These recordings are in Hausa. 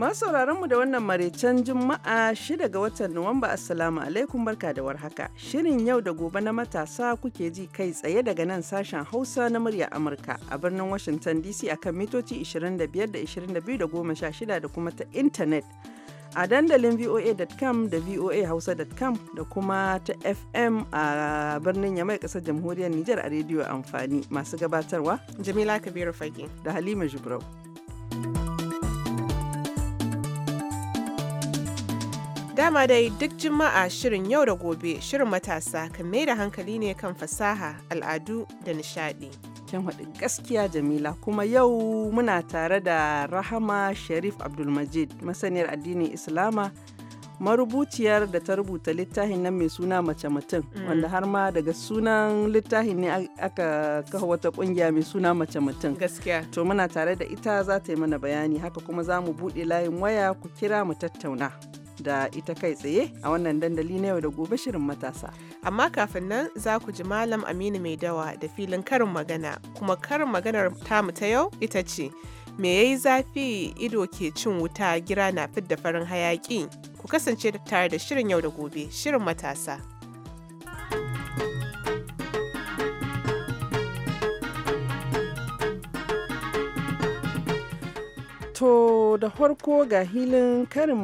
Masu mu da wannan maraicen Juma'a shida ga watan Nuwamba Assalamu alaikum barka da warhaka. Shirin yau da gobe na matasa kuke ji kai tsaye daga nan sashen Hausa na murya Amurka a birnin Washington DC akan mitoci 25 da 22 da 16 da kuma ta intanet. a dandalin voa.com da voahausa.com da kuma ta fm a birnin yamai kasar jamhuriyar nijar a rediyo amfani masu gabatarwa jamila kabiru fage da halima jibrau Dama dai duk Juma'a shirin yau da gobe shirin matasa kan mai da hankali ne kan fasaha, al'adu da nishadi. Kin haɗi gaskiya Jamila kuma yau muna tare da Rahama Sharif Abdulmajid masaniyar addinin Islama marubuciyar da ta rubuta littafin nan mai suna mace mutum mm. wanda har ma daga sunan littafin ne aka kafa wata kungiya mai suna mace mutum gaskiya to muna tare da ita za ta yi mana bayani haka kuma za mu buɗe layin waya ku kira mu tattauna da ita kai tsaye a wannan dandali na yau da gobe shirin matasa. Amma kafin nan za ku ji Malam Aminu Mai Dawa da filin karin magana, kuma karin maganar tamu ta yau ita ce, me yayi zafi ido ke cin wuta gira na fidda farin hayaƙi Ku kasance tare da shirin yau da gobe, shirin matasa. To da farko ga hilin karin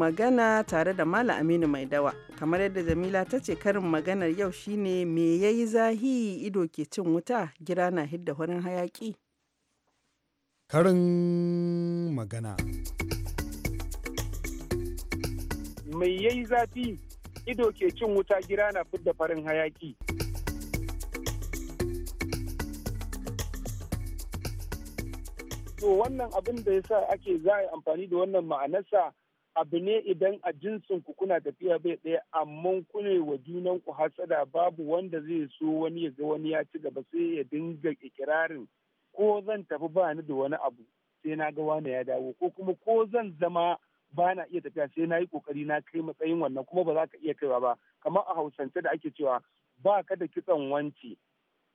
magana tare da Mala Aminu Mai Dawa. Kamar yadda Jamila ta ce karin maganar yau shine me yayi zahi ido ke cin wuta gira na hidda wurin hayaki. Karin magana. Me yayi zafi ido ke cin wuta gira na fidda farin hayaki. to wannan abin da yasa ake za a yi amfani da wannan ma'anarsa abu ne idan a jinsin ku kuna tafiya bai ɗaya amma kune wa junan ku hasada babu wanda zai so wani ya ga wani ya ci gaba sai ya dinga ikirarin ko zan tafi ba ni da wani abu sai na ga wani ya dawo ko kuma ko zan zama ba na iya tafiya sai na yi kokari na kai matsayin wannan kuma ba za ka iya kaiwa ba kamar a hausance da ake cewa ba ka da kitson wanci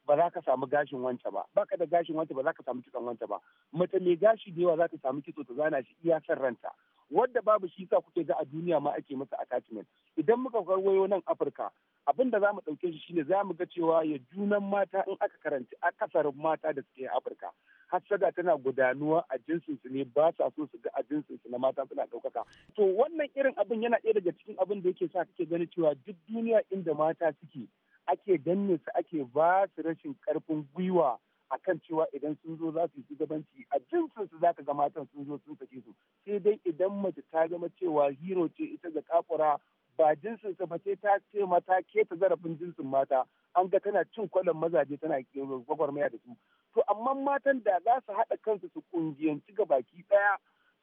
ba za ka samu gashin wance ba baka da gashin wance ba za ka samu kitson wance ba mace mai gashi da yawa za ta samu kitso ta zana shi iya ranta wanda babu shi sa kuke ga a duniya ma ake masa attachment idan muka karwayo nan afirka abin da za mu ɗauke shi shine za mu ga cewa ya junan mata in aka karanci akasar mata da suke afirka hassada tana gudanuwa a jinsinsu ne ba sa so su ga a jinsinsu na mata suna ɗaukaka. To wannan irin abin yana ɗaya daga cikin abin da yake sa kake ganin cewa duk duniya inda mata suke ake danne su ake ba su rashin karfin gwiwa a kan cewa idan sun zo za su yi shugabanci a jinsin su ka ga matan sun zo sun saki su sai dai idan mace ta zama cewa hero ce ita ga kafura ba jinsin sa ba ta ce mata ke ta zarafin jinsin mata an ga tana cin kwalon mazaje tana gwagwarmaya da su to amma matan da za su haɗa kansu su kungiyanci ga baki ɗaya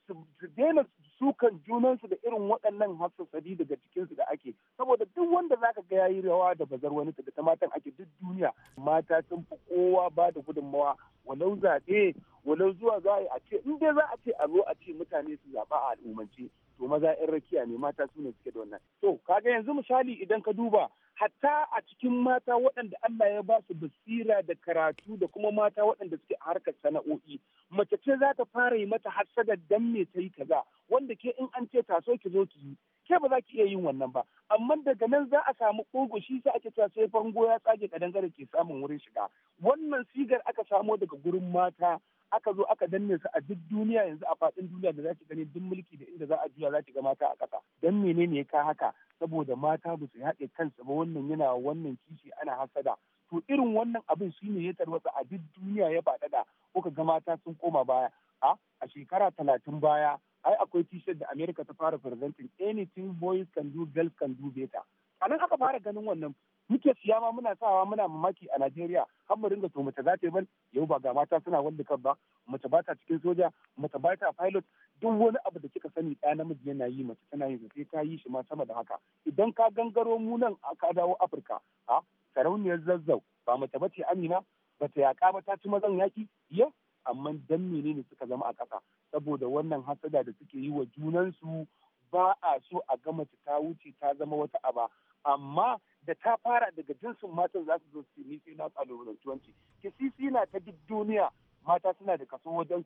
su daina sukan junansu da irin waɗannan hassasari daga cikinsu da ake saboda duk wanda zaka ga yayi rawa da bazar wani daga ta matan ake duk duniya mata sun fi kowa ba da gudunmawa walau zaɓe walau zuwa za a ce in dai za a ce a zo a ce mutane su zaɓa a al'ummance to maza 'yan rakiya ne mata su ne suke da wannan to kaga yanzu misali idan ka duba hatta a cikin mata waɗanda Allah ya ba su basira da karatu da kuma mata waɗanda suke a harkar sana'o'i mace ce za ta fara yi mata hasadar dan me ta yi kaza wanda ke in an ce ta so ki zo ki yi ke ba za ki iya yin wannan ba amma daga nan za a samu ƙugu shi sai ake cewa sai fango ya tsage dangare ke samun wurin shiga wannan sigar aka samo daga gurin mata aka zo aka danne su a duk duniya yanzu a faɗin duniya da za ki gani duk mulki da inda za a juya za ki ga mata a ƙasa dan menene ya ka haka saboda mata ba su haɗe kansu ba wannan yana wannan kishi ana hasada to irin wannan abin shi ne ya tarwatsa a duk duniya ya faɗaɗa kuka ga mata sun koma baya a a shekara talatin baya ai akwai t da america ta fara presenting anything boys can do girls can do better a nan aka fara ganin wannan muke siya ma muna sawa muna mamaki a Najeriya har mu ringa to mace za ta yi ban yau ba ga mata suna wanda kan ba mace ba ta cikin soja mace ba ta pilot duk wani abu da kika sani ɗaya namiji yana yi mace tana yin sai ta yi shi ma sama da haka idan ka gangaro mu nan ka dawo Afirka a sarauniyar zazzau ba mace ce Amina bata ta yaƙa ba ta ci mazan yaƙi yau amma dan menene suka zama a ƙasa saboda wannan hasada da suke yi wa junansu ba a so a ga mace ta wuce ta zama wata aba amma da ta fara daga jinsin matan za su zo su yi sai na kalubalantuwanci kisisi na ta duk duniya mata suna da kaso wajen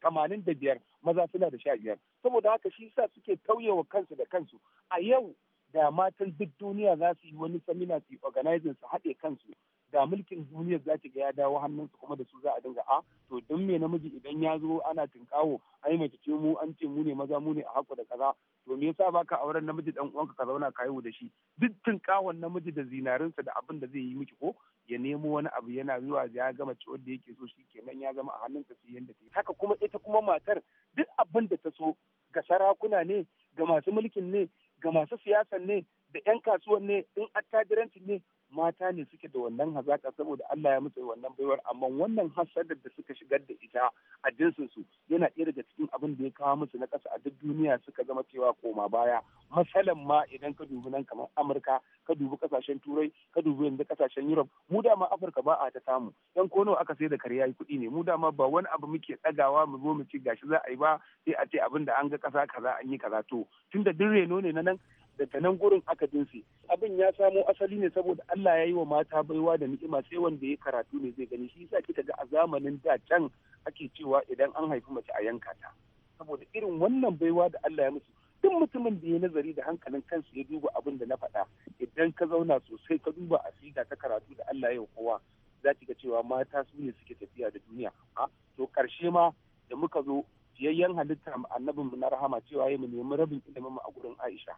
tamanin da biyar maza suna da sha biyar saboda haka shi sa suke tauyewa kansu da kansu a yau da matan duk duniya za su yi wani samina su yi organizing su haɗe kansu da mulkin duniyar za ta ga ya dawo hannunsa kuma da su za a dinga a ah, to don me namiji idan ya zo ana tinkawo ai mace ce mu an ce mu ne maza mu ne a haƙo da kaza to me yasa baka auren namiji dan uwanka ka zauna ka haihu da shi duk tinkawon namiji da zinarinsa da abin da zai yi miki ko ya nemo wani abu yana zuwa ya gama ci wanda yake so shi kenan ya zama a hannunsa sai yanda ta haka kuma ita kuma matar duk abin da ta so ga sarakuna ne ga masu mulkin ne ga masu siyasan ne da 'yan kasuwan ne in attajiranci ne mata ne suke da wannan hazaka saboda Allah ya musu wannan baiwar amma wannan hasadar da suka shigar da ita a jinsin su yana ɗaya daga cikin abin da ya kawo musu na ƙasa a duk duniya suka zama cewa koma baya masalan ma idan ka dubi nan kamar Amurka ka dubi kasashen Turai ka dubi yanzu kasashen Europe mu dama Afirka ba a ta samu dan kono aka sai da kariya kuɗi ne mu dama ba wani abu muke tsagawa mu zo mu ci gashi za a yi ba sai a ce abin da an ga kasa kaza an yi kaza to tunda duk reno ne na nan daga nan gurin aka dinse abin ya samo asali ne saboda Allah ya yi wa mata baiwa da ni'ima sai wanda ya karatu ne zai gani shi yasa kika ga a zamanin da can ake cewa idan an haifi mace a yanka ta saboda irin wannan baiwa da Allah ya musu duk mutumin da ya nazari da hankalin kansa ya duba abin da na faɗa idan ka zauna sosai ka duba a siga ta karatu da Allah ya kowa za ki ga cewa mata su ne suke tafiya da duniya a to karshe ma da muka zo fiyayyen halitta annabinmu na rahama cewa ya mu nemi rabin ilimin mu a gurin Aisha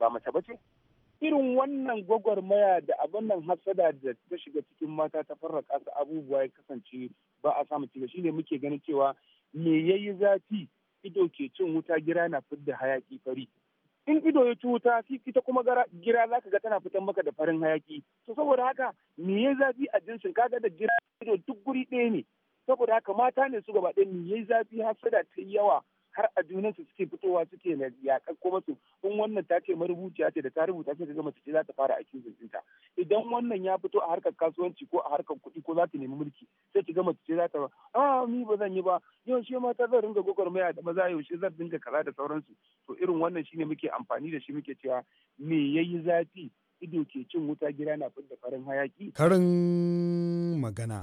ba mace ba ce irin wannan gwagwarmaya da abin nan hassada da ta shiga cikin mata ta farraka su abubuwa ya kasance ba a samu cika shine muke ganin cewa me ya yi zafi ido ke cin wuta gira na fidda hayaki fari in ido ya ci wuta ita kuma gira za ka ga tana fitan maka da farin hayaki to saboda haka me ya zafi a jinsin kaga da gira ido duk guri ɗaya ne saboda haka mata ne su gaba ɗaya me ya yi zafi hasada ta yawa har a su suke fitowa suke yaƙar kuma su in wannan ta ce marubuciya ce da ta rubuta sai ga mace ce za ta fara accusing ɗinta idan wannan ya fito a harkar kasuwanci ko a harkar kuɗi ko za ta nemi mulki sai ki ga mace ce za ta ba ah, a ni ba zan yi ba yaushe mata zan ringa gwagwarmaya da maza yaushe zan dinga kaza da sauransu to irin wannan shine muke amfani da shi muke cewa me yayi zafi ido ke cin wuta gida na fidda farin hayaki karin magana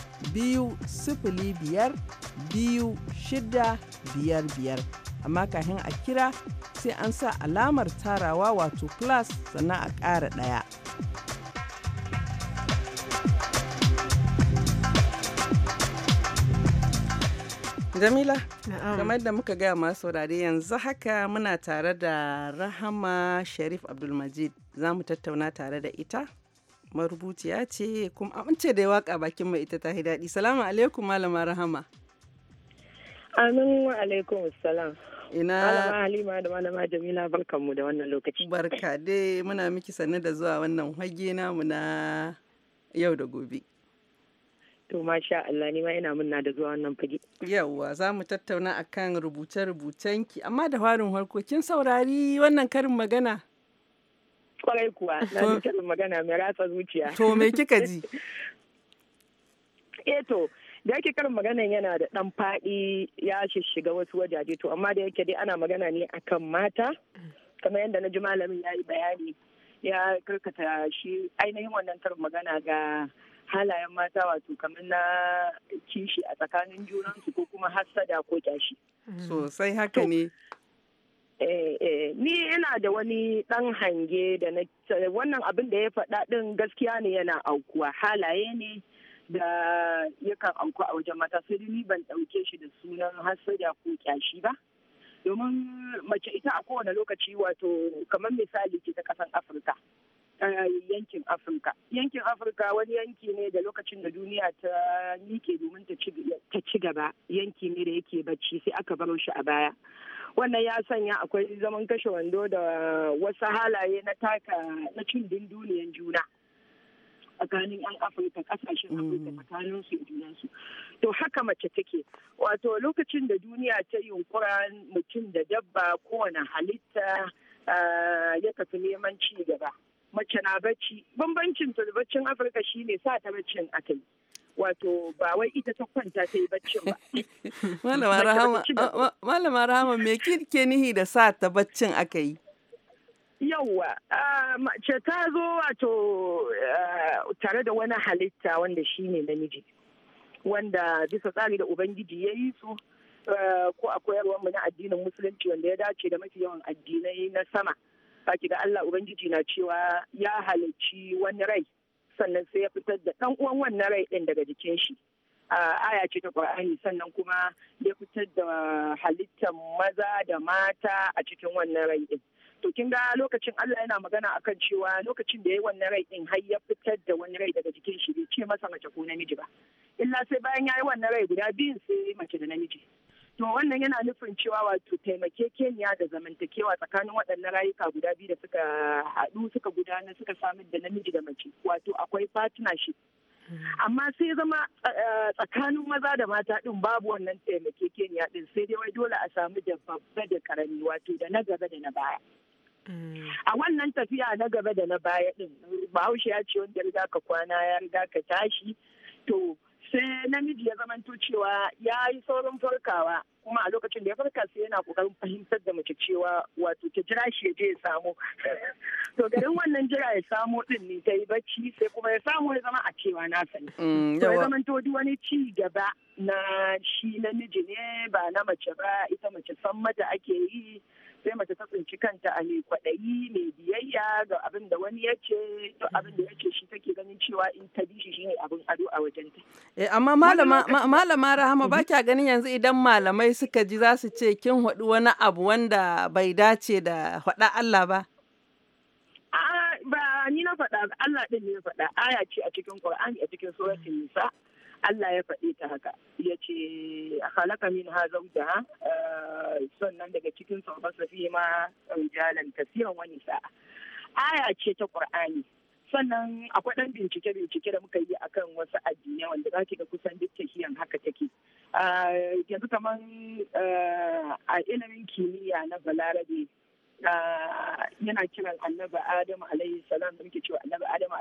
biyu sifili biyar biyu shida biyar biyar amma kafin a kira sai an sa alamar tarawa wato plus sannan a ƙara ɗaya. Jamila, kamar da muka gaya masu saurari yanzu haka muna tare da Rahama Sharif Abdulmajid za mu tattauna tare da ita marubuciya ce kuma amince da waka bakin mai ita ta daɗi salamu alaikum malama rahama amin wa alaikum salam ina malama halima da malama jamila barkanmu da wannan lokaci barka dai muna miki sanne da zuwa wannan hage namu na yau da gobe to masha Allah ni ma ina munna da zuwa wannan fage yawwa za mu tattauna akan rubuce ki. amma da farin harkokin saurari wannan karin magana Kwarai kuwa, na magana mai ratsa zuciya. To me kika ji? Eh da yake karin maganan yana da ɗan faɗi ya shiga wasu wajaje to amma da yake dai ana magana ne akan mata kamar yadda na ji malamin ya yi bayani ya karkata shi ainihin wannan karin magana ga halayen mata wato kamar na kishi a tsakanin junansu ko kuma hassada ko kyashi. Sosai haka ne. Eh, eh, ni yana da wani ɗan hange da na wannan abin da ya faɗa ɗin gaskiya ne yana aukuwa halaye ne da yakan auku a wajen mata sai ni ban ɗauke shi da sunan hasada ko kyashi ba domin mace ita a kowane lokaci wato kamar misali ce ta ƙasan afirka yankin afirka yankin afirka wani yanki ne da lokacin da duniya ta nike domin ta ci gaba yanki ne da yake bacci sai aka baro shi a baya wannan ya sanya akwai zaman kashe wando da wasu halaye na taka na cin dunduniyan juna tsakanin 'yan afirka kasashen afirka mm. tsakanin su junansu to haka mace take wato lokacin da duniya ta yunkura mutum da dabba kowane halitta ya tafi neman ci gaba mace na bacci bambancin baccin afirka shine sa ta baccin aka yi wato ba wai ita ta kwanta ta yi baccin ba. Malama Rahama me kirke nihi da sa ta baccin aka yi? Yawwa, Mace ta zo wato tare da wani halitta wanda shi ne namiji, wanda bisa tsari da Ubangiji ya yi su ko a koyarwarmu na addinin Musulunci wanda ya dace da mafi yawan addinai na sama. baki da Allah Ubangiji na cewa ya halarci wani rai. sannan sai ya fitar da ɗan uwan wannan rai ɗin daga jikin shi aya ce ta ƙwar'ani sannan kuma ya fitar da halittar maza da mata a cikin wannan rai ɗin to kin ga lokacin Allah yana magana akan cewa lokacin da ya yi wannan rai ɗin har ya fitar da wani rai daga jikin shi bai ce masa mace ko namiji ba illa sai bayan ya yi wannan rai guda biyu sai mace da namiji to wannan yana nufin cewa wato taimakekeniya da zamantakewa tsakanin waɗannan rayuka guda biyu da suka haɗu suka gudana suka samar da namiji da mace wato akwai partnership hmm. amma sai zama eh, tsakanin maza da mata ɗin babu wannan taimakekeniya ɗin sai dai wai dole a samu da babba da karami wato da na gaba da na baya hmm. a wannan tafiya na gaba da na baya ɗin bahaushe ya ce wanda riga ka kwana ya riga ka tashi to sai namiji ya zamanto cewa ya yi saurin farkawa kuma a lokacin da ya farka sai yana kokarin fahimtar da mace cewa wato ta jira shi ya je ya samu to garin wannan jira ya samu din ne ta yi bacci sai kuma ya samu ya zama a cewa na sani mm, to ya zama to duk wani ci gaba na shi namiji ne ba na mace ba ita mace san mata ake yi sai mace ta tsinci kanta a mai kwaɗayi mai biyayya ga abin da wani ya ce to abin da ya ce shi take ganin cewa in ta bi shi shine abin ado a wajen ta. Eh, amma malama malama Rahama ba mhm. kya ganin yanzu idan malamai suka ji za su ce kin haɗu wani abu wanda bai dace da haɗa Allah ba. ba ni na faɗa Allah ɗin ne ya faɗa aya ce a cikin Qur'ani a cikin suratul Nisa. Allah ya faɗi ta haka ya ce halaka min ha zauja eh, sannan daga cikin sun fasa ma jalan tafiyan wani sa'a aya ce ta ƙur'ani sannan akwai ɗan bincike-bincike da muka yi akan wasu addinai wanda za ki ga kusan duk tafiyan haka take eh, yanzu kamar eh, a ilimin kimiyya na balarabe yana kiran annabi adam alaihi salam da muke cewa annabi adam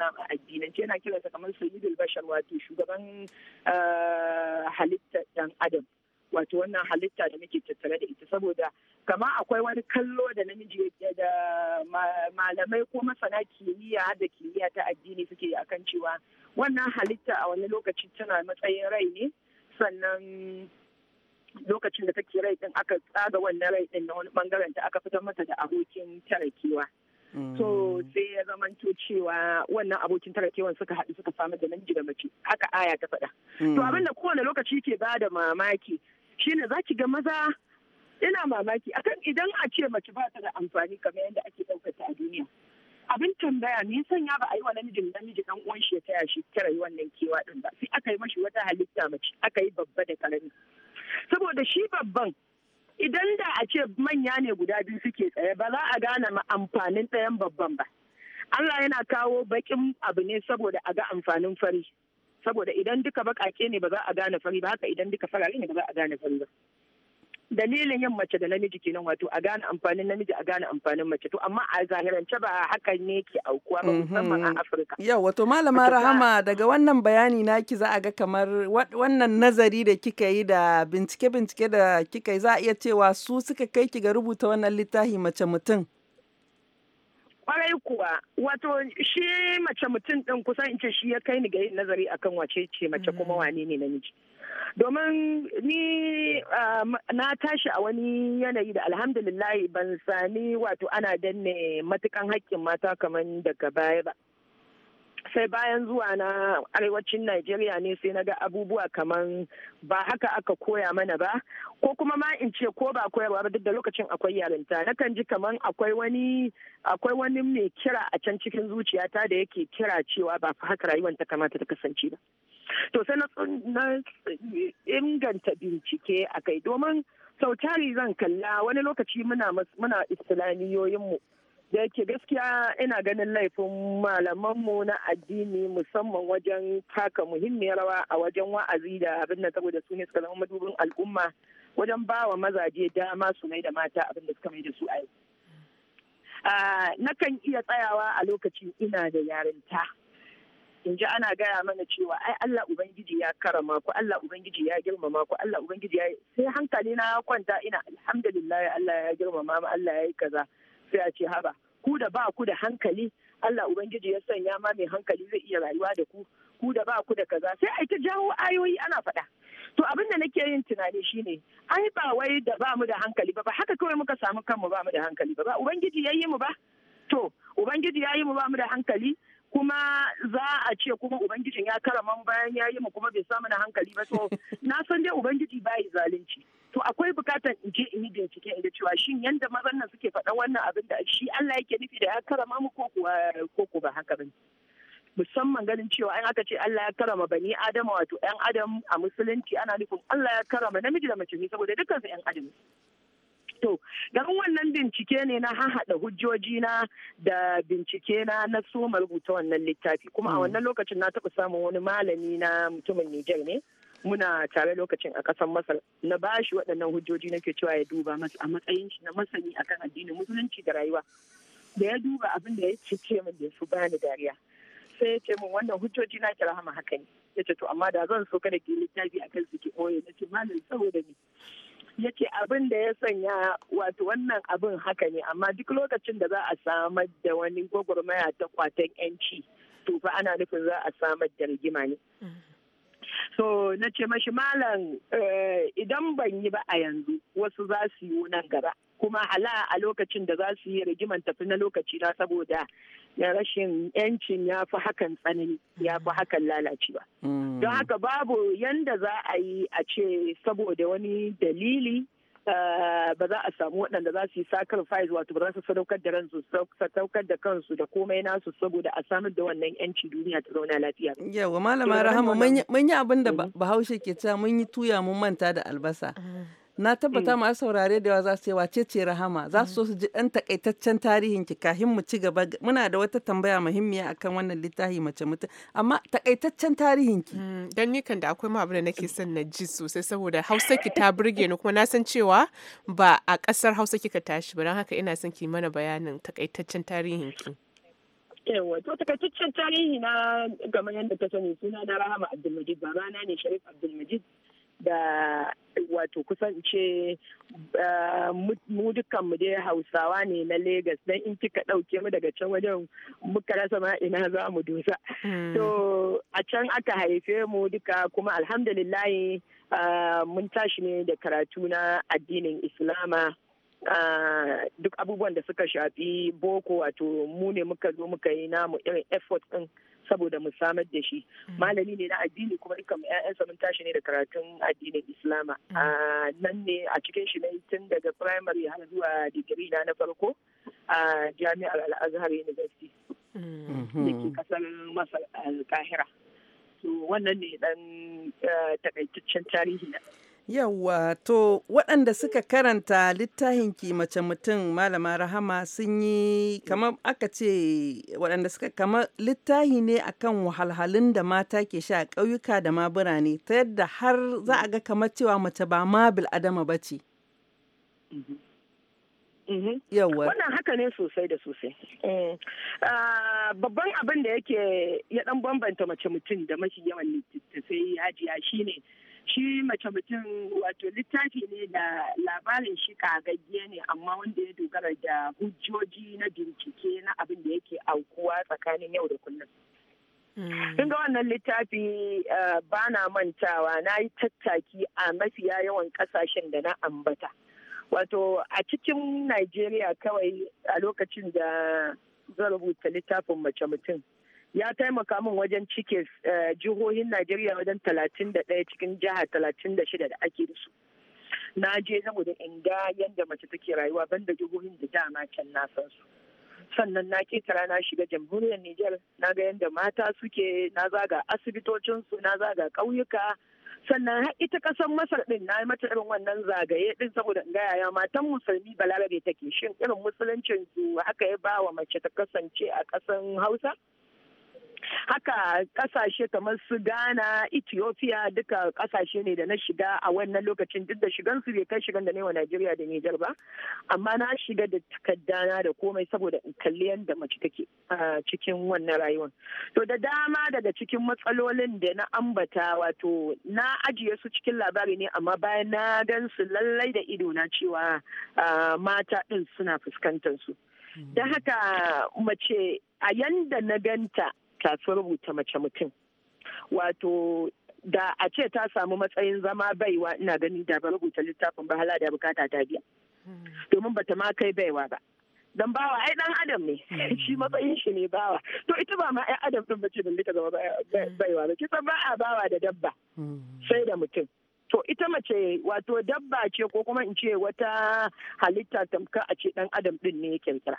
mana a addinance yana kiransa kamar sayyidul bashar wato shugaban eh, halitta dan adam wato wannan halitta da muke tattare da ita saboda kama akwai wani kallo da namiji da malamai ko masana kimiyya da kimiyya ta addini suke akan cewa wannan halitta a wani lokaci tana matsayin rai ne sannan lokacin da take rai din aka tsaga wannan rai din na wani bangaren ta aka fitar mata da abokin tarakewa so mm. sai ya zamanto cewa wannan abokin kewan suka haɗu suka samu da namiji da mace haka aya ta faɗa mm. to abin da kowane lokaci ke ba da mamaki shine za ki ga maza ina mamaki akan idan a ce mace ba ta da amfani kamar yadda ake ɗaukar ta a duniya abin tambaya ne ya ba a yi wa namijin namiji dan uwan shi ya taya shi ta rayuwa nan kewa din ba sai aka yi mashi wata halitta mace aka yi babba da karami saboda shi babban idan da a ce manya ne guda biyu suke tsaye ba za a gane amfanin ɗayan babban ba Allah yana kawo baƙin abu ne saboda a ga amfanin fari saboda idan duka baƙaƙe ne ba za a gane fari ba haka idan duka farare ne ba za a gane fari ba dalilin yin mace da namiji kenan wato a gane amfanin namiji a gane amfanin mace to amma a zahirance ba hakan ne ke aukuwa ba musamman a mm-hmm. Afirka. Yau wato malama Rahama daga wannan bayani naki za a ga kamar wannan nazari da kika yi da bincike bincike da kika yi za a iya cewa su suka kai ki ga rubuta wannan littafi mace mutum. kwarai kuwa wato shi mace mutum ɗin kusan in ce shi ya kai ni ga yin nazari akan wace ce mace kuma mm-hmm. wane ne namiji domin ni ah, na tashi a wani yanayi da alhamdulillah ban sami wato ana danne matukan hakkin mata kamar daga baya ba sai bayan zuwa na arewacin Najeriya ne sai na ga abubuwa kamar ba haka aka koya mana ba ko kuma ma in ce ko ba koyarwa ba duk da lokacin akwai yarinta nakan ji kamar akwai wani akwai wani mai kira a can cikin zuciyata da yake kira cewa ba fa haka rayuwar ta kamata ta kasance ba to sai na inganta bincike a kai domin sau tari zan kalla wani lokaci muna islamiyoyinmu da yake gaskiya ina ganin laifin malamanmu na addini musamman wajen taka muhimmiyar rawa a wajen wa'azi da abin da saboda su ne suka zama madubin al'umma wajen ba wa mazaje dama su mai da mata abin da suka mai da su a ah, nakan iya tsayawa a lokaci ina da yarinta in ji ana gaya mana cewa ai Allah ubangiji ya karama ku Allah ubangiji ya girmama ku Allah ubangiji ya sai hankali na kwanta ina alhamdulillah Allah ya girmama mu Allah ya yi kaza sai a ce haba ku da ba ku da hankali Allah ubangiji ya sanya ma mai hankali zai iya rayuwa da ku ku da ba ku da kaza sai ai ta jawo ayoyi ana faɗa to abin da nake yin tunani shine ai ba wai da ba mu da hankali ba ba haka kawai muka samu kanmu ba mu da hankali ba ba ubangiji ya yi mu ba to ubangiji ya yi mu ba mu da hankali kuma za a ce kuma ubangijin ya karaman bayan ya yi mu kuma bai samu na hankali ba so na san dai ubangiji bai zalunci to akwai bukatar in je in yi bincike in ga cewa shin yanda mazan nan suke faɗa wannan abin da shi Allah yake nufi da ya karama mu ko kuwa ko ko ba haka bane musamman ganin cewa an aka ce Allah ya karama bani Adama. wato 'yan Adam a musulunci ana nufin Allah ya karama namiji da mace ne saboda dukkan su 'yan Adam To, dan wannan bincike ne na hahaɗa hujjoji na da bincike na na soma rubuta wannan littafi. Kuma a hmm. wannan lokacin na taɓa samun wani malami na mutumin Nijar ne. Muna tare lokacin a ƙasar Masar na bashi waɗannan hujjoji na ke cewa ya duba a matsayin shi na masani akan addinin musulunci da rayuwa. Da ya duba abin da ya ce min da su bani dariya. sai ya ce min wannan hujjoji na kira hama haka ne ya ce to amma da zan so kada ke littafi a kan su ke ɓoye na ce malam saboda ni yake abin da ya sanya wato wannan abin haka ne amma duk lokacin da za a samar da wani gwagwarmaya ta kwatan 'yanci to fa ana nufin za a samar da rigima ne so na ce mashi malam eh, idan ban yi ba a yanzu wasu za su yi nan gaba kuma hala a lokacin da za su yi rigiman tafi na lokaci na saboda na rashin yancin ya fi hakan tsanani ya fi hakan ba mm. Don haka babu yanda za a yi a ce saboda wani dalili eh, ba za a samu waɗanda za su yi sacrifice wato ba za su sadaukar da ransu sadaukar da kansu da komai nasu saboda a samar da wannan yanci duniya ta zauna lafiya. Yawa malama rahama mun yi abin da mm. bahaushe ke cewa mun yi tuya mun manta da albasa. Mm. na tabbata mm. masu saurare da yawa za su yi wace ce rahama za su mm. su ji ɗan takaitaccen tarihin ki kafin mu ci gaba muna da wata tambaya muhimmiya akan wannan littafi mace mutum amma takaitaccen tarihin ki mm, dan ni kan da akwai ma abin da nake son na ji sosai saboda Hausa ki ta burge ni kuma na san cewa ba a ƙasar Hausa kika tashi ba don haka ina son ki mana bayanin takaitaccen tarihin ki yawa to takaitaccen tarihi na game yadda ta sani suna na Rahama Abdulmajid babana ne Sharif Abdulmajid da wato kusan ce eh, mu dukkan mu dai hausawa ne na Legas dan in kika ɗauke mu daga can wajen muka rasa ma ina za mu dosa. Hmm. To a can aka haife mu duka kuma alhamdulillahi eh, mun tashi ne da karatu na addinin Islama. Uh, duk abubuwan da suka shafi boko wato mu ne muka zo muka yi namu irin effort din saboda mu samar da shi mm. malami ne na addini kuma ikan mu ƴaƴansa mun tashi ne da karatun addinin islama mm. a nan ne a cikin shi ne tun daga primary har zuwa digiri na na farko a jami'ar al-azhar university mm-hmm. da ke kasar masar al-kahira wannan ne dan eh, takaitaccen tarihi na Yawwa to waɗanda suka karanta littafin kimace mutum malama rahama sun yi kamar aka ce waɗanda suka kamar littafi ne akan wahalhalun da mata ke sha a ƙauyuka da ma birane ta yadda har za a ga kamar cewa mace ba ma bil'adama ba ce. Mm-hmm. Mm-hmm. Yawwa. Wannan haka ne sosai da sosai. Eh. Ah, babban abin da yake ya ɗan bambanta mace mutum da mashi yawan littattafai yajiya shine. ne shi mace mutum wato littafi ne da labarin shi kagagge ne amma wanda ya dogara da hujjoji na bincike na abin da yake aukuwa tsakanin yau da kullum. Hmm. Kin ga wannan littafi eh, ba na mantawa na yi tattaki a mafiya yawan kasashen da na ambata. Wato a cikin Najeriya kawai a lokacin da zan rubuta littafin mace mutum. ya taimaka min wajen cike eh, jihohin Najeriya wajen 31 cikin jiha 36 da ake da su. Na je saboda in ga yadda mace take rayuwa banda jihohin da dama can na san su. Sannan na ketara na shiga jamhuriyar Nijar na ga yadda mata suke na zaga asibitocinsu na zaga ƙauyuka sannan har ita kasan masar ɗin, na mata irin wannan zagaye din saboda in gaya matan musulmi balarabe take shin irin musuluncin su haka ya ba wa mace ta kasance a kasan hausa haka kasashe kamar su ghana ethiopia duka kasashe ne da na shiga a wannan lokacin duk da shigan su bai kai shigan da ne wa najeriya da nijar ba amma na shiga da takaddana da komai saboda in kalli yadda mace take cikin wannan rayuwar to da dama daga cikin matsalolin da na ambata wato na ajiye su cikin labari ne amma bayan na gan su lallai da ido na cewa mata din suna fuskantar su hmm. da haka mace a yanda na ganta kasuwar rubuta mace mutum wato da a ce ta samu matsayin zama baiwa ina ganin da ba rubuta littafin ba hala da bukata ta biya domin bata ma kai baiwa ba dan bawa ai dan adam ne hmm. shi matsayin shi ne bawa to ita ba ma ai adam din bace balle ta zama hmm. baiwa ba kisan ba a bawa da dabba hmm. sai da mutum to ita mace wato dabba ce ko kuma in ce wata halitta tamka a ce dan adam din ne yake kira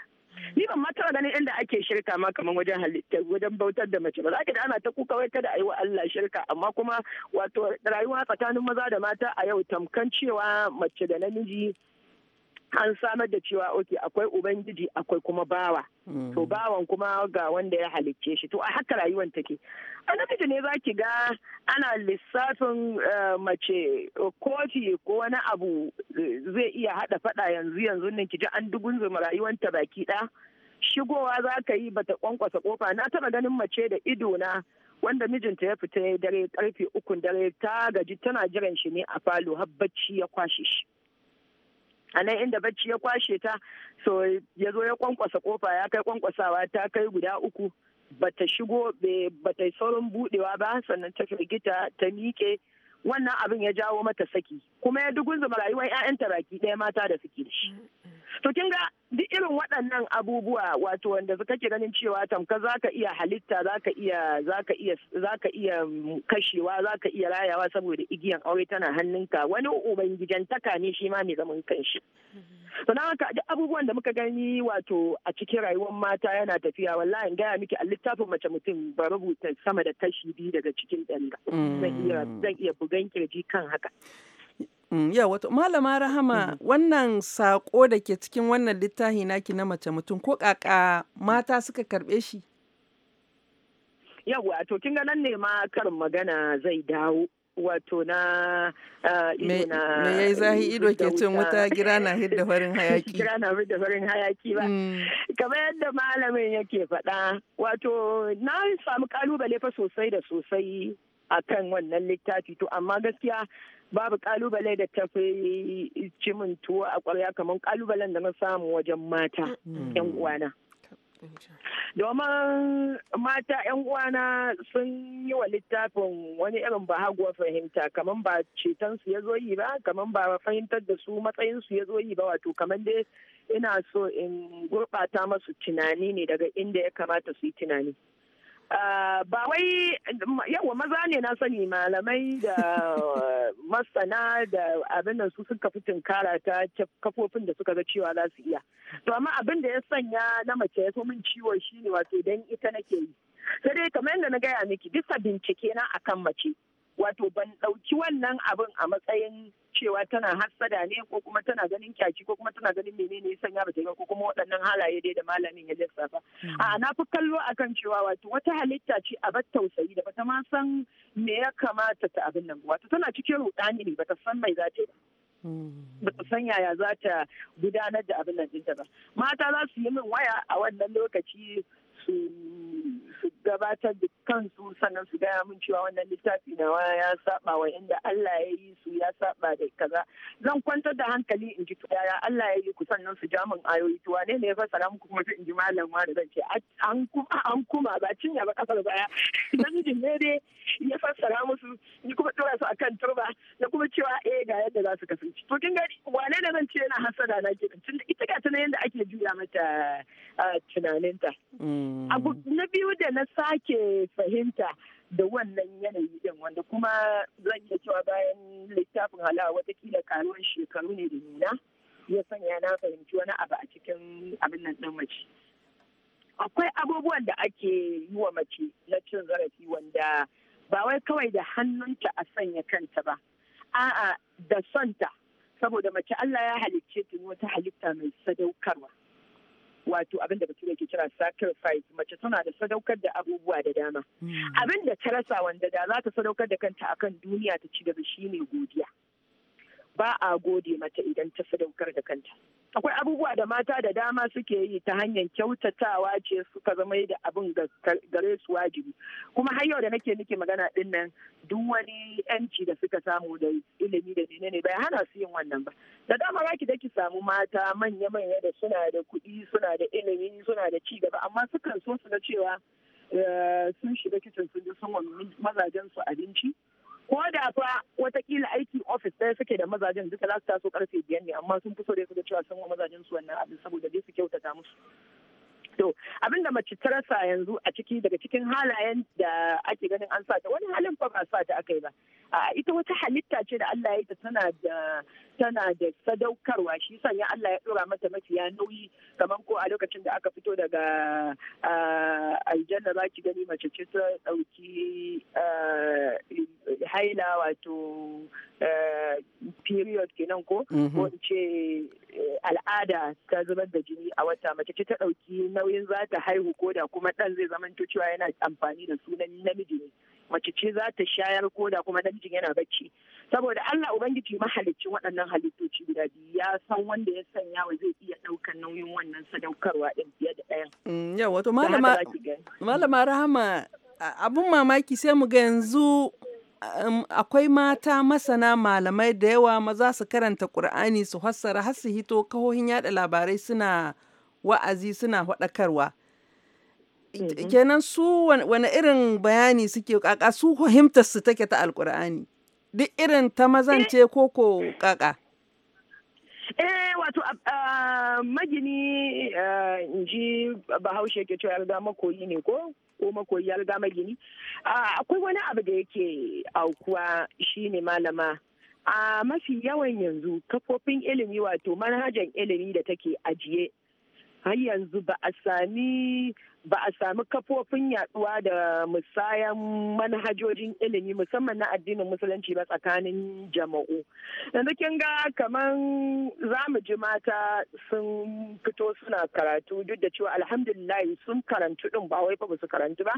ni ban ma taɓa ganin inda ake shirka ma kamar wajen wajen bautar da mace ba za ka da ana ta kuka wai kada a wa Allah shirka amma kuma wato rayuwa tsakanin maza da mata a yau tamkan cewa mace da namiji an samar da cewa oke akwai ubangiji akwai kuma bawa mm. to bawan kuma ga wanda ya halicce shi to a haka rayuwar take a namiji ne za ki ga ana lissafin eh, mace kofi ko wani abu eh, zai iya hada fada yanzu yanzu nan ki ji an dugunzuma rayuwanta baki da shigowa za ka yi bata kwankwasa kofa na taba ganin mace da ido na wanda mijinta ya fita dare karfe ukun dare ta gaji tana jiran shi ne a falo har bacci ya kwashe shi a nan inda bacci ya kwashe ta so ya zo ya kwankwasa kofa ya kai kwankwasawa ta kai guda uku bata shigo bata saurin budewa ba sannan ta firgita ta miƙe wannan abin ya jawo mata saki kuma ya dugunzama rayuwar 'ya'yanta baki ɗaya mata da suke da shi. Mm, mm. To kin ga duk irin waɗannan abubuwa wato wanda kake ganin cewa tamka zaka iya halitta zaka iya zaka iya zaka iya mm, kashewa zaka iya rayawa saboda igiyan aure tana hannunka wani taka ne shi ma mai zaman kanshi. To na haka duk abubuwan da muka gani wato a cikin rayuwar mata yana tafiya wallahi in gaya miki a littafin mace mutum ba rubuta sama da kashi biyu daga cikin ɗari. Mm. Zan iya bugan kirji kan haka. Mm, yeah, wato malama rahama mm -hmm. wannan saƙo da ke cikin wannan littafi naki na mace mutum ko kaka mata suka karbe shi yawa to kin ga nan ne ma karin magana zai dawo wato na uh, me ya yi zahi ido ke cin wuta gira na hidda farin hayaki gira na hidda farin hayaki ba mm. kamar yadda malamin yake faɗa wato na samu kalubale fa sosai da sosai akan wannan littafi to amma gaskiya babu kalubale da ta fi cimin tuwo a kwarya kamar kalubalen da na samu wajen mata yan mm. uwana domin mata yan uwana sun yi wa littafin wani irin ba haguwa fahimta kamar ba ceton su ya zo yi ba kamar ba fahimtar da su matsayin su ya zo yi ba wato kamar dai ina so in gurɓata masu tunani ne daga inda ya kamata su yi tunani Ah, ba wai yawa maza ne na sani malamai da masana da abin da su suka fitin karata ta kafofin da suka ga cewa za su iya to amma abin da ya sanya na mace ya so min ciwon shine wato idan ita nake yi sai dai kamar yadda na gaya miki bisa bincike na akan mace wato ban ɗauki wannan abin a matsayin cewa tana hassada ne ko kuma tana ganin kyaki ko kuma tana ganin menene ya sanya ba ta ko kuma waɗannan halaye dai da malamin ya ba. Hmm. a na fi kallo akan cewa wato wata halitta ce a bar tausayi da bata ma san me ya kamata ta abin nan wato tana cikin rudani ne bata san mai za ta ba hmm. bata san yaya za ta gudanar da abin nan ɗinta ba mata za su yi min waya a wannan lokaci su su gabatar da kansu sannan su gaya mun cewa wannan littafi wani ya saba wa inda Allah ya yi su ya saba da kaza zan kwantar da hankali in ji yaya Allah ya yi ku sannan su ja ayoyi to wane ne ya fasara muku kuma in ji malam da zan an kuma an kuma ba cinya ba kasar baya namijin ne dai ya fasara musu ni kuma tura su akan turba na kuma cewa eh ga yadda za su kasance to kin gani wane ne zan ce yana hasada na ke tunda ita ga ta yadda ake juya mata ah, tunaninta mm. abu na biyu da na sake fahimta da wannan yanayi din wanda kuma zan iya cewa bayan littafin halawa watakila karuwan shekaru ne da nuna ya sanya na fahimci wani abu a cikin abin nan din mace akwai abubuwan da ake yi wa mace na cin zarafi wanda ba wai kawai da hannunta a sanya kanta ba a'a da santa saboda mace Allah ya halicce ta wata halitta mai sadaukarwa wato abin da bature ke kira sacrifice mace tana da sadaukar da abubuwa da dama hmm. abin da ta rasa wanda da za ta sadaukar da kanta akan duniya ta ci gaba shine godiya ba a gode mata idan ta sadaukar da kanta. Akwai abubuwa da mata da dama suke yi ta hanyar kyautatawa ce suka zama da abin gare su wajibi. Kuma har yau da nake nake magana din nan duk wani yanci da suka samu da ilimi da menene bai hana su yin wannan ba. Da dama za ki da samu mata manya-manya da suna da kuɗi suna da ilimi suna da ci gaba amma sukan so su na cewa eh, sun shiga kicin sun ji sun mazajen su abinci. ko da fa watakila aiki office ɗaya suke da mazajen duka za su taso karfe biyar ne amma sun fi so da su cewa sun wa mazajen su wannan abin saboda dai su kyautata musu to abin da mace ta rasa yanzu a ciki daga cikin halayen da ake ganin an sa ta, wani halin fa ba ta aka yi ba ita wata halitta ce da Allah ya yi ta tana da tana da sadaukarwa shi sanya Allah ya dora mata mafiya nauyi kamar ko a lokacin da aka fito daga ah, aljanna zaki gani mace ce ta dauki ah, haila wato ah, period kenan ko mhm. ko in ce eh, al'ada ta zubar da jini a wata mace ce ta dauki nauyin za ta haihu ko da kuma dan zai zamanto cewa yana amfani da sunan namiji ne mace ce za ta shayar ko da kuma namijin yana bacci saboda Allah ubangiji mahalicci waɗannan halittoci guda biyu ya san wanda ya sanya wa zai iya ɗaukar nauyin wannan sadaukarwa ɗin fiye da ɗaya. Yau wato malama rahama abun mamaki sai mu ga yanzu Um, akwai mata masana malamai da yawa maza su karanta ƙur'ani su hassara har su hito kahohin yada labarai suna wa'azi suna faɗakarwa Mm-hmm. kenan su wani irin bayani suke kaka su fahimtar su take ta alkur'ani duk irin ta mazance eh koko kaka eh wato magini in ji bahaushe ke cewa yarda makoyi ne ko ko makoyi ya riga magini akwai wani abu da yake aukuwa shine malama a mafi yawan yanzu kafofin ilimi wato manhajan ilimi da take ajiye har yanzu ba a sami ba a sami kafofin yaduwa da musayan manhajojin ilimi musamman na addinin musulunci ba tsakanin jama'u yanzu kin ga kaman za mu ji mata sun fito suna karatu duk da cewa alhamdulillah sun karantu din ba wai fa ba su karantu ba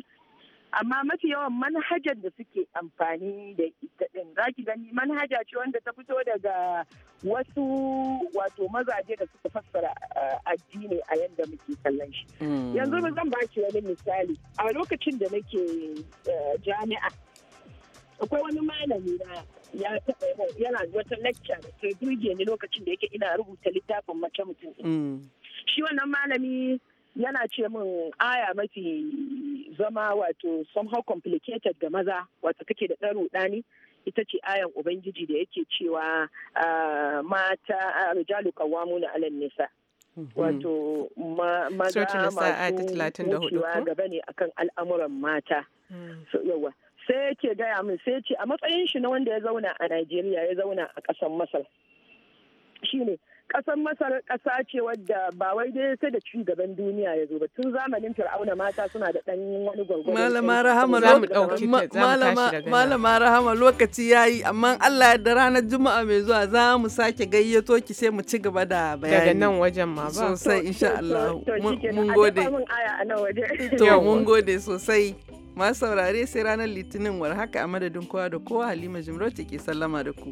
amma mafi yawan manhajar da suke amfani da ita din za ki gani manhaja ce wanda ta fito daga wasu wato mazaje da suka fassara eh, addini a yadda muke kallon shi hmm. yanzu ba zan baki wani misali a lokacin da nake eh, jami'a akwai wani malami na ya yana wata lecture da ke burge ni lokacin da yake ina rubuta littafin mace mutum hmm. shi wannan malami yana ce min aya mafi zama wato somehow complicated ga maza wato kake da ɗan ɗani ita ce ayan ubangiji da yake cewa ah, mata ah, rijalu qawwamuna 'alan nisa mhm. wato maza masu gaba ne akan al'amuran mata hmm. yawa sai yake gaya min sai ce a matsayin shi na wanda ya zauna a Najeriya ya zauna a ƙasar Masar shine kasan masar kasa ce wadda ba wai dai sai da ci gaban duniya ya zo ba tun zamanin fir'auna mata suna da ɗan wani gwargwado malama rahama malama rahama lokaci yayi amma Allah ya da ranar juma'a mai zuwa za mu sake gayyato ki sai mu ci gaba da bayani daga nan wajen ma ba sosai insha Allah mun gode to mun gode sosai masu saurare sai ranar litinin war haka a madadin kowa da kowa halima jimrota ke sallama da ku